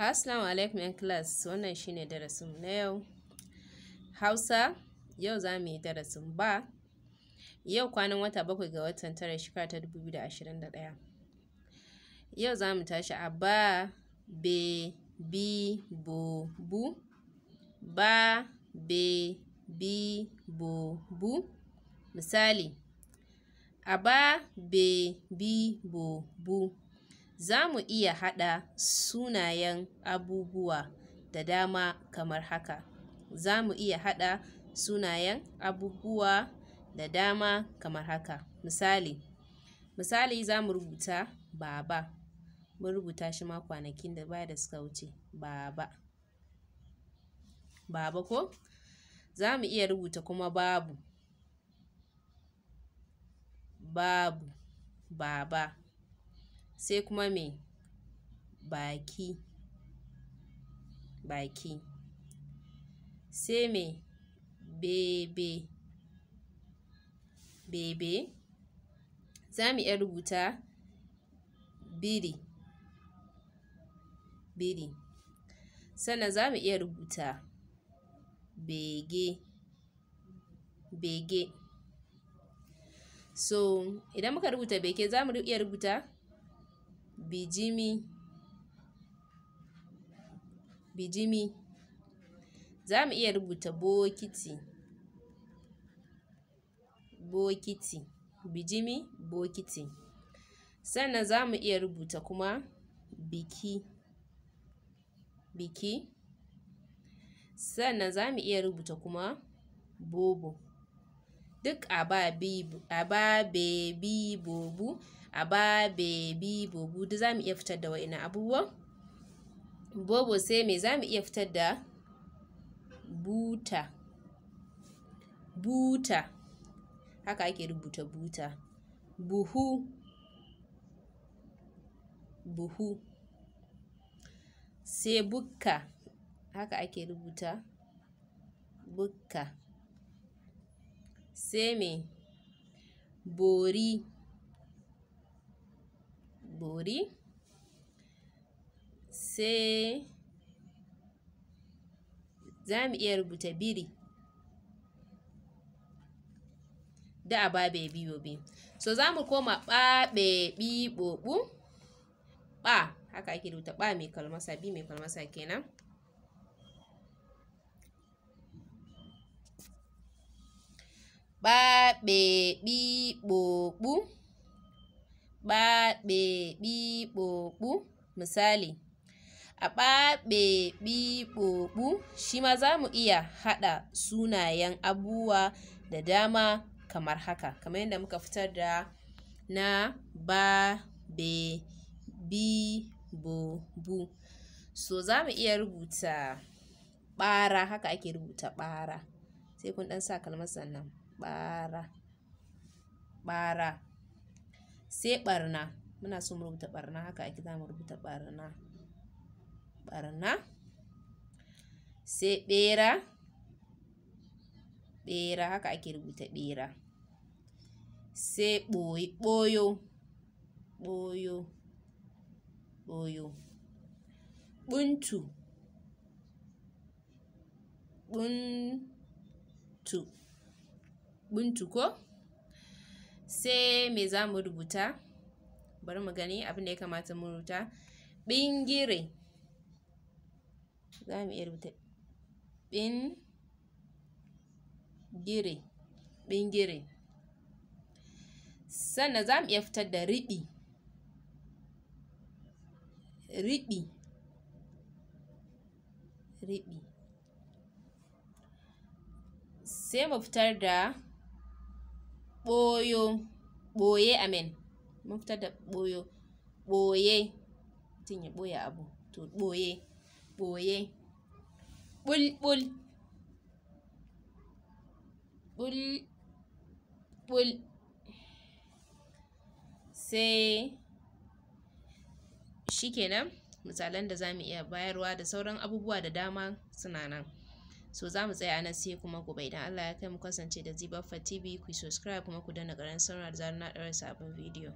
Assalamu alaikum ‘yan class, wannan shine darasin na yau. Hausa, yau za mu yi darasin ba. Yau kwanan wata bakwai ga watan tara shekara ta dubu biyu da ashirin da ɗaya. Yau za mu tashi a ba, be, bi, bo, bu. Ba, be, bi, bo, bu. Misali, a ba, be, bi, bo, bu. Za mu iya haɗa sunayen abubuwa da dama kamar haka: Za mu iya haɗa sunayen abubuwa da dama kamar haka. Misali, misali za mu rubuta Baba, mu rubuta shi ma kwanakin da baya da suka wuce, Baba. Baba ko? Za mu iya rubuta kuma Babu, Babu, Baba. sai kuma me baki baki sai me bebe bebe za mu iya rubuta biri biri sannan za mu iya rubuta bege bege so idan muka rubuta bege za mu iya rubuta bijimi bijimi zamu iya rubuta bokiti bokiti bijimi bokiti sannan zamu iya rubuta kuma biki biki sannan zamu iya rubuta kuma bobo duk ababe ababe bobo. aba bebi bobu duk za mu iya fitar da wa'innan abubuwan bobo sai me za mu iya fitar da buta buta haka ake rubuta buta buhu buhu sai bukka haka ake rubuta bukka sai me bori bori sai za mu iya rubuta biri da a ba bebi biyo so za mu koma ba bebi bi ɓoɓu ɓa haka ake rubuta ɓa mai kalmasa bi mai kalmasa kenan ɓa ɓe ɓi ɓoɓu ɓa ɓe ɓi ɓo ɓu misali a ɓa ɓe ɓi ɓo ɓu shi ma za mu iya haɗa sunayen abubuwa da dama kamar haka kamar yadda muka fitar da na ba be bi bo bu so za mu iya rubuta ɓara haka ake rubuta ɓara sai kun ɗan sa kalmar sannan ɓara ɓara sai ɓarna muna so mu rubuta ɓarna haka ake za mu rubuta ɓarna ɓarna sai ɓera ɓera haka ake rubuta ɓera sai ɓoyi ɓoyo ɓoyo ɓoyo ɓuntu ɓuntu ɓuntu ko sai me za mu rubuta bari mu gani abin da ya kamata mu rubuta ɓingire za mu iya rubuta ɓingire ɓingire sannan za mu iya fitar da riɓi riɓi riɓi sai mu fitar da ɓoyo ɓoye amen mun da ɓoyo ɓoye tinya ya ɓoye abu to ɓoye ɓoye ɓulɓul ɓulɓul sai shikenan misalan da za mu iya bayarwa da sauran abubuwa da dama suna nan so za mu tsaya nan sai kuma gobe idan Allah ya kai mu kasance da zibaffa tv ku subscribe kuma ku danna ƙaran sanarwa da zarar na ɗaura sabon bidiyo